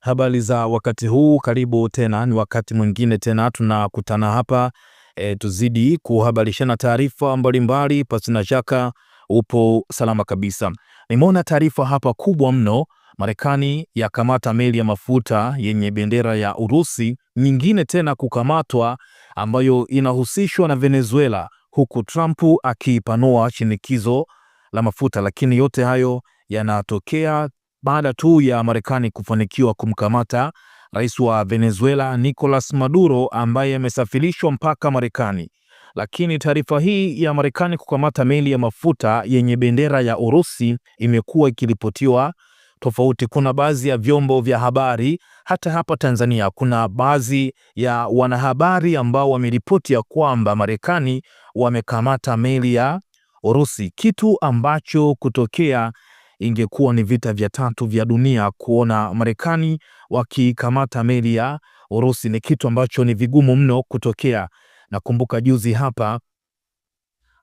Habari za wakati huu, karibu tena, ni wakati mwingine tena tunakutana hapa e, tuzidi kuhabarishana taarifa mbalimbali. Pasina shaka upo salama kabisa. Nimeona taarifa hapa kubwa mno, Marekani yakamata meli ya mafuta yenye bendera ya Urusi, nyingine tena kukamatwa ambayo inahusishwa na Venezuela, huku Trump akipanua shinikizo la mafuta, lakini yote hayo yanatokea baada tu ya Marekani kufanikiwa kumkamata rais wa Venezuela Nicolas Maduro ambaye amesafirishwa mpaka Marekani. Lakini taarifa hii ya Marekani kukamata meli ya mafuta yenye bendera ya Urusi imekuwa ikiripotiwa tofauti. Kuna baadhi ya vyombo vya habari hata hapa Tanzania, kuna baadhi ya wanahabari ambao wameripoti ya kwamba Marekani wamekamata meli ya Urusi, kitu ambacho kutokea ingekuwa ni vita vya tatu vya dunia kuona Marekani wakikamata meli ya Urusi. Ni kitu ambacho ni vigumu mno kutokea. Nakumbuka juzi hapa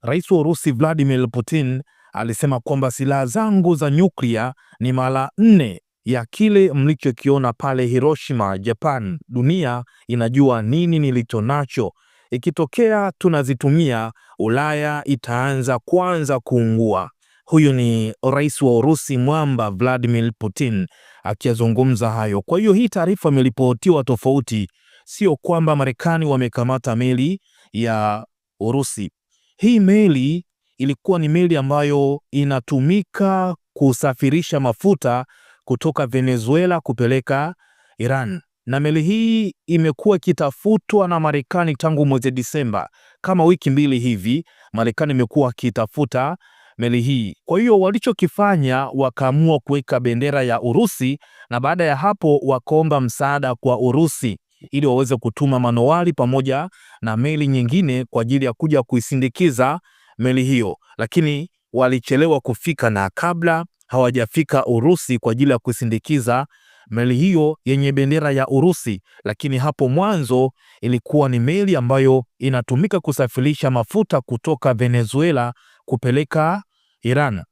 Rais wa Urusi Vladimir Putin alisema kwamba silaha zangu za nyuklia ni mara nne ya kile mlichokiona pale Hiroshima, Japan. Dunia inajua nini nilicho nacho Ikitokea tunazitumia, Ulaya itaanza kwanza kuungua. Huyu ni rais wa Urusi mwamba Vladimir Putin akiyazungumza hayo. Kwa hiyo hii taarifa imeripotiwa tofauti, sio kwamba Marekani wamekamata meli ya Urusi. Hii meli ilikuwa ni meli ambayo inatumika kusafirisha mafuta kutoka Venezuela kupeleka Iran na meli hii imekuwa ikitafutwa na Marekani tangu mwezi Disemba, kama wiki mbili hivi. Marekani imekuwa ikitafuta meli hii. Kwa hiyo walichokifanya, wakaamua kuweka bendera ya Urusi na baada ya hapo wakaomba msaada kwa Urusi ili waweze kutuma manowari pamoja na meli nyingine kwa ajili ya kuja kuisindikiza meli hiyo, lakini walichelewa kufika, na kabla hawajafika Urusi kwa ajili ya kuisindikiza meli hiyo yenye bendera ya Urusi, lakini hapo mwanzo ilikuwa ni meli ambayo inatumika kusafirisha mafuta kutoka Venezuela kupeleka Iran.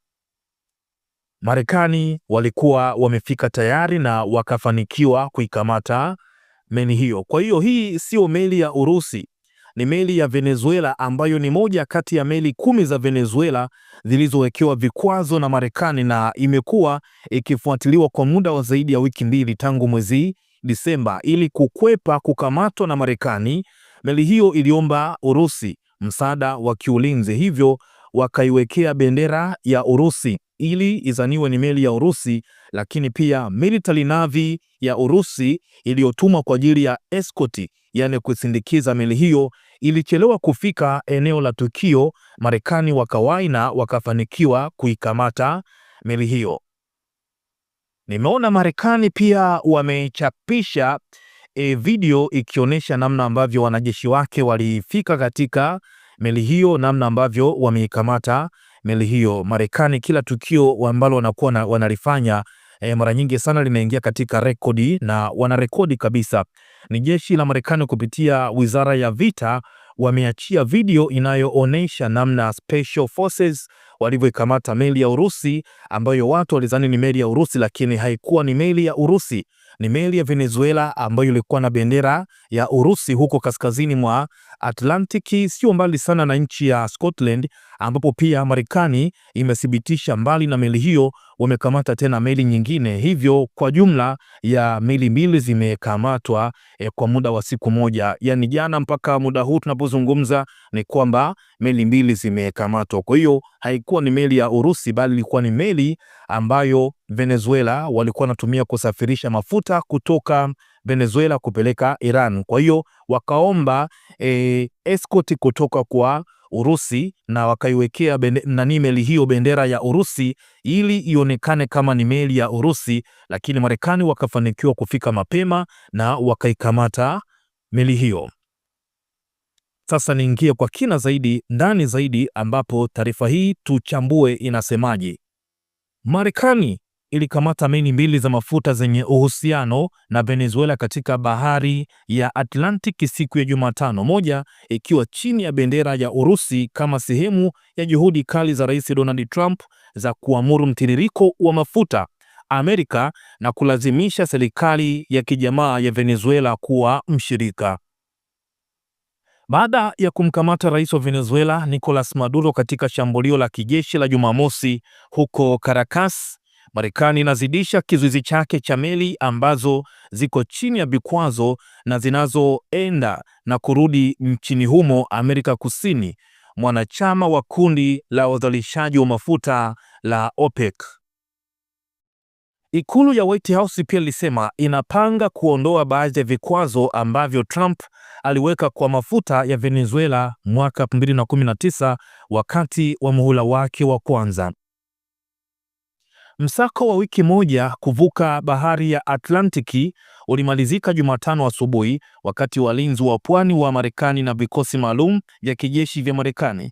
Marekani walikuwa wamefika tayari na wakafanikiwa kuikamata meli hiyo. Kwa hiyo hii sio meli ya Urusi, ni meli ya Venezuela ambayo ni moja kati ya meli kumi za Venezuela zilizowekewa vikwazo na Marekani na imekuwa ikifuatiliwa kwa muda wa zaidi ya wiki mbili tangu mwezi Disemba. Ili kukwepa kukamatwa na Marekani, meli hiyo iliomba Urusi msaada wa kiulinzi, hivyo wakaiwekea bendera ya Urusi ili izaniwe ni meli ya Urusi, lakini pia military navi ya Urusi iliyotumwa kwa ajili ya escort, yani kusindikiza meli hiyo ilichelewa kufika eneo la tukio. Marekani wakawaina wakafanikiwa kuikamata meli hiyo. Nimeona Marekani pia wamechapisha e, video ikionyesha namna ambavyo wanajeshi wake walifika katika meli hiyo, namna ambavyo wameikamata meli hiyo. Marekani kila tukio ambalo wanakuwa na, wanalifanya E, mara nyingi sana linaingia katika rekodi na wanarekodi kabisa. Ni jeshi la Marekani kupitia wizara ya vita wameachia video inayoonyesha namna special forces walivyoikamata meli ya Urusi ambayo watu walizani ni meli ya Urusi, lakini haikuwa ni meli ya Urusi, ni meli ya Venezuela ambayo ilikuwa na bendera ya Urusi huko kaskazini mwa Atlantic sio mbali sana na nchi ya Scotland, ambapo pia Marekani imethibitisha mbali na meli hiyo wamekamata tena meli nyingine, hivyo kwa jumla ya meli mbili zimekamatwa e, kwa muda wa siku moja, yaani jana mpaka muda huu tunapozungumza ni kwamba meli mbili zimekamatwa. Kwa hiyo haikuwa ni meli ya Urusi, bali ilikuwa ni meli ambayo Venezuela walikuwa wanatumia kusafirisha mafuta kutoka Venezuela kupeleka Iran. Kwa hiyo wakaomba e, escort kutoka kwa Urusi na wakaiwekea nani meli hiyo bendera ya Urusi ili ionekane kama ni meli ya Urusi, lakini Marekani wakafanikiwa kufika mapema na wakaikamata meli hiyo. Sasa niingie kwa kina zaidi ndani zaidi, ambapo taarifa hii tuchambue inasemaje. Marekani ilikamata meli mbili za mafuta zenye uhusiano na Venezuela katika bahari ya Atlantic siku ya Jumatano, moja ikiwa chini ya bendera ya Urusi kama sehemu ya juhudi kali za Rais Donald Trump za kuamuru mtiririko wa mafuta Amerika na kulazimisha serikali ya kijamaa ya Venezuela kuwa mshirika. Baada ya kumkamata rais wa Venezuela Nicolas Maduro katika shambulio la kijeshi la Jumamosi huko Caracas, Marekani inazidisha kizuizi chake cha meli ambazo ziko chini ya vikwazo na zinazoenda na kurudi nchini humo Amerika Kusini, mwanachama wa kundi la uzalishaji wa mafuta la OPEC. Ikulu ya White House pia ilisema inapanga kuondoa baadhi ya vikwazo ambavyo Trump aliweka kwa mafuta ya Venezuela mwaka 2019 wakati wa muhula wake wa kwanza. Msako wa wiki moja kuvuka bahari ya Atlantiki ulimalizika Jumatano asubuhi wa wakati walinzi wa pwani wa Marekani na vikosi maalum vya kijeshi vya Marekani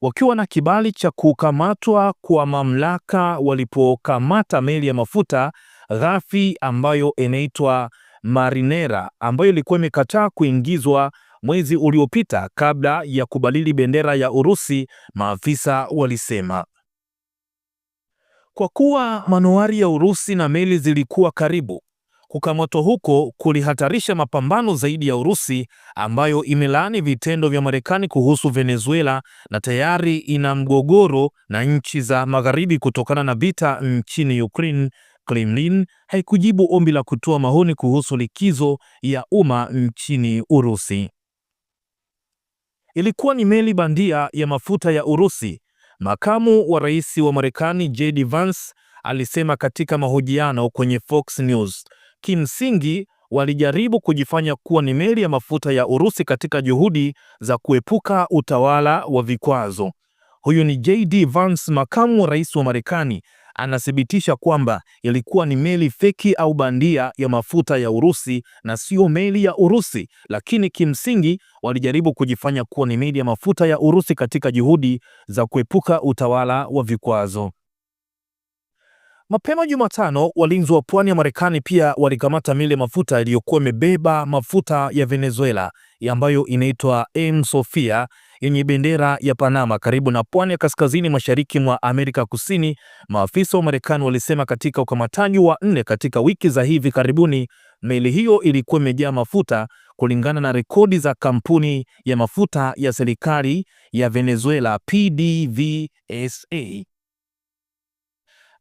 wakiwa na kibali cha kukamatwa kwa mamlaka walipokamata meli ya mafuta ghafi ambayo inaitwa Marinera ambayo ilikuwa imekataa kuingizwa mwezi uliopita kabla ya kubadili bendera ya Urusi, maafisa walisema. Kwa kuwa manuari ya Urusi na meli zilikuwa karibu, kukamatwa huko kulihatarisha mapambano zaidi ya Urusi ambayo imelaani vitendo vya Marekani kuhusu Venezuela na tayari ina mgogoro na nchi za Magharibi kutokana na vita nchini Ukraine. Kremlin haikujibu ombi la kutoa maoni kuhusu likizo ya umma nchini Urusi. Ilikuwa ni meli bandia ya mafuta ya Urusi Makamu wa Rais wa Marekani JD Vance alisema katika mahojiano kwenye Fox News, kimsingi walijaribu kujifanya kuwa ni meli ya mafuta ya Urusi katika juhudi za kuepuka utawala wa vikwazo. Huyu ni JD Vance, makamu wa rais wa Marekani anathibitisha kwamba ilikuwa ni meli feki au bandia ya mafuta ya Urusi na sio meli ya Urusi, lakini kimsingi walijaribu kujifanya kuwa ni meli ya mafuta ya Urusi katika juhudi za kuepuka utawala wa vikwazo. Mapema Jumatano, walinzi wa pwani ya Marekani pia walikamata meli ya mafuta iliyokuwa imebeba mafuta ya Venezuela ambayo inaitwa M Sofia yenye bendera ya Panama karibu na pwani ya kaskazini mashariki mwa Amerika Kusini, maafisa wa Marekani walisema katika ukamataji wa nne katika wiki za hivi karibuni. Meli hiyo ilikuwa imejaa mafuta kulingana na rekodi za kampuni ya mafuta ya serikali ya Venezuela PDVSA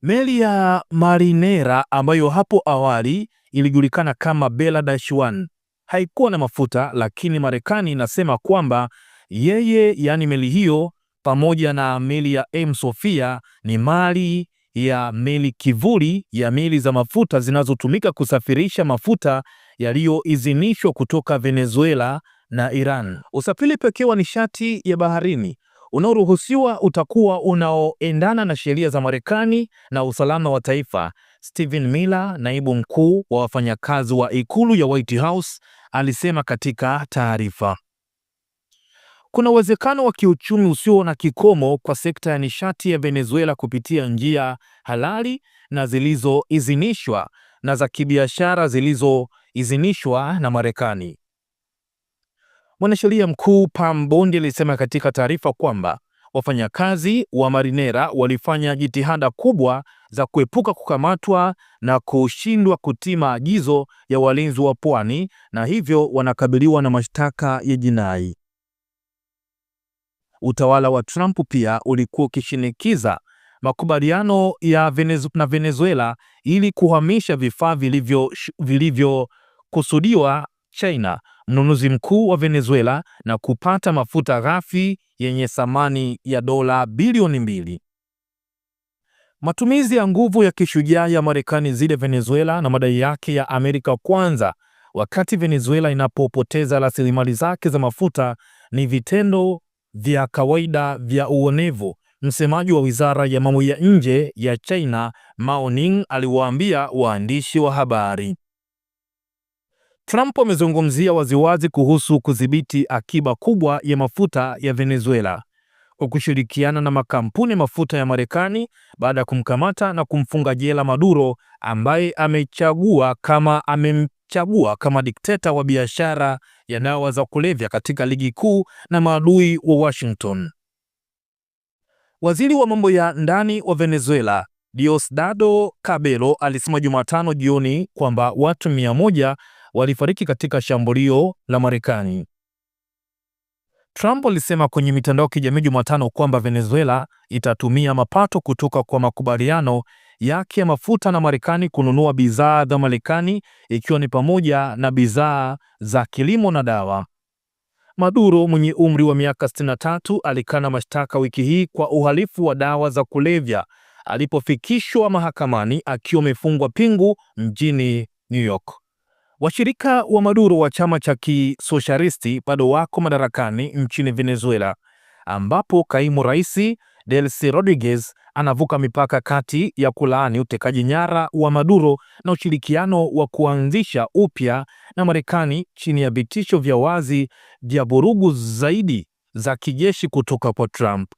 Meli ya Marinera ambayo hapo awali ilijulikana kama Bella 1 haikuwa na mafuta, lakini Marekani inasema kwamba yeye, yaani meli hiyo pamoja na meli ya M Sofia ni mali ya meli kivuli ya meli za mafuta zinazotumika kusafirisha mafuta yaliyoidhinishwa kutoka Venezuela na Iran. Usafiri pekee wa nishati ya baharini unaoruhusiwa utakuwa unaoendana na sheria za Marekani na usalama wa taifa. Stephen Miller, naibu mkuu wa wafanyakazi wa ikulu ya White House, alisema katika taarifa. Kuna uwezekano wa kiuchumi usio na kikomo kwa sekta ya nishati ya Venezuela kupitia njia halali na zilizoidhinishwa na za kibiashara zilizoidhinishwa na Marekani. Mwanasheria mkuu Pam Bondi alisema katika taarifa kwamba wafanyakazi wa marinera walifanya jitihada kubwa za kuepuka kukamatwa na kushindwa kutii maagizo ya walinzi wa pwani na hivyo wanakabiliwa na mashtaka ya jinai. Utawala wa Trump pia ulikuwa ukishinikiza makubaliano ya Venezu na Venezuela ili kuhamisha vifaa vilivyokusudiwa vilivyo China mnunuzi mkuu wa Venezuela na kupata mafuta ghafi yenye thamani ya dola bilioni mbili. Matumizi ya nguvu ya kishujaa ya Marekani dhidi ya Venezuela na madai yake ya Amerika kwanza wakati Venezuela inapopoteza rasilimali zake za mafuta ni vitendo vya kawaida vya uonevu. Msemaji wa Wizara ya Mambo ya Nje ya China, Mao Ning, aliwaambia waandishi wa habari. Trump amezungumzia waziwazi kuhusu kudhibiti akiba kubwa ya mafuta ya Venezuela kwa kushirikiana na makampuni mafuta ya Marekani baada ya kumkamata na kumfunga jela Maduro ambaye amechagua kama amemchagua kama dikteta wa biashara ya dawa za kulevya katika ligi kuu na maadui wa Washington. Waziri wa mambo ya ndani wa Venezuela Diosdado Cabello alisema Jumatano jioni kwamba watu mia moja walifariki katika shambulio la Marekani. Trump alisema kwenye mitandao ya kijamii Jumatano kwamba Venezuela itatumia mapato kutoka kwa makubaliano yake ya mafuta na Marekani kununua bidhaa za Marekani ikiwa ni pamoja na bidhaa za kilimo na dawa. Maduro mwenye umri wa miaka 63 alikana mashtaka wiki hii kwa uhalifu wa dawa za kulevya alipofikishwa mahakamani akiwa amefungwa pingu mjini New York. Washirika wa Maduro wa chama cha kisosialisti bado wako madarakani nchini Venezuela, ambapo kaimu rais Delcy Rodriguez anavuka mipaka kati ya kulaani utekaji nyara wa Maduro na ushirikiano wa kuanzisha upya na Marekani chini ya vitisho vya wazi vya vurugu zaidi za kijeshi kutoka kwa Trump.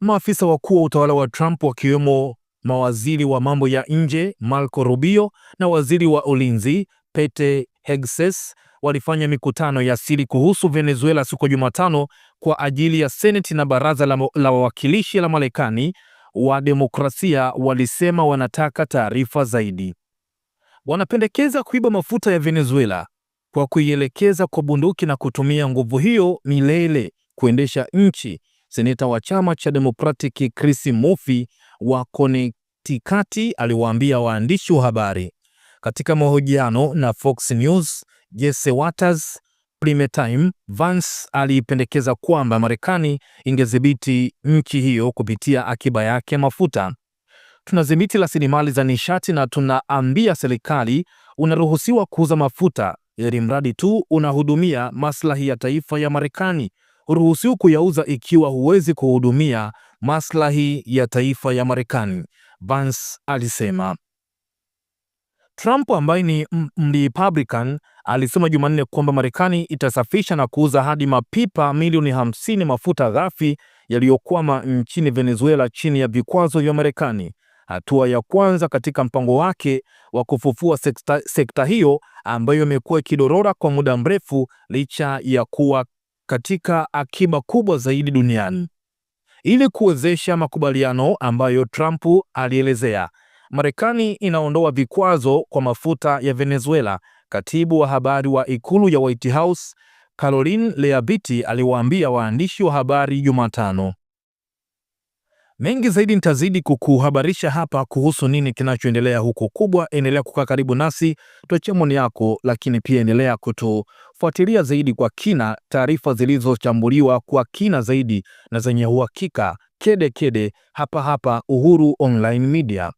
Maafisa wakuu wa utawala wa Trump wakiwemo mawaziri wa mambo ya nje Marco Rubio na waziri wa ulinzi Pete hegses walifanya mikutano ya siri kuhusu Venezuela siku Jumatano kwa ajili ya Seneti na Baraza la, la Wawakilishi la Marekani wa demokrasia walisema wanataka taarifa zaidi. Wanapendekeza kuiba mafuta ya Venezuela kwa kuielekeza kwa bunduki na kutumia nguvu hiyo milele kuendesha nchi. Seneta wa chama cha Democratic Chris Murphy wa Connecticut aliwaambia waandishi wa habari. Katika mahojiano na Fox News, Jesse Waters Primetime, Vance alipendekeza kwamba Marekani ingedhibiti nchi hiyo kupitia akiba yake mafuta mafuta. Tunadhibiti rasilimali za nishati na tunaambia serikali unaruhusiwa kuuza mafuta ili mradi tu unahudumia maslahi ya taifa ya Marekani. Huruhusiwi kuyauza ikiwa huwezi kuhudumia maslahi ya taifa ya Marekani, Vance alisema. Trump ambaye ni Mrepublican alisema Jumanne kwamba Marekani itasafisha na kuuza hadi mapipa milioni 50 mafuta ghafi yaliyokwama nchini Venezuela chini ya vikwazo vya Marekani, hatua ya kwanza katika mpango wake wa kufufua sekta, sekta hiyo ambayo imekuwa ikidorora kwa muda mrefu licha ya kuwa katika akiba kubwa zaidi duniani. Ili kuwezesha makubaliano ambayo Trump alielezea Marekani inaondoa vikwazo kwa mafuta ya Venezuela. Katibu wa habari wa ikulu ya White House Caroline Leabiti aliwaambia waandishi wa habari Jumatano. Mengi zaidi nitazidi kukuhabarisha hapa kuhusu nini kinachoendelea huko kubwa. Endelea kukaa karibu nasi, tuachie maoni yako, lakini pia endelea kutufuatilia zaidi kwa kina, taarifa zilizochambuliwa kwa kina zaidi na zenye uhakika kede kede hapa hapa Uhuru Online Media.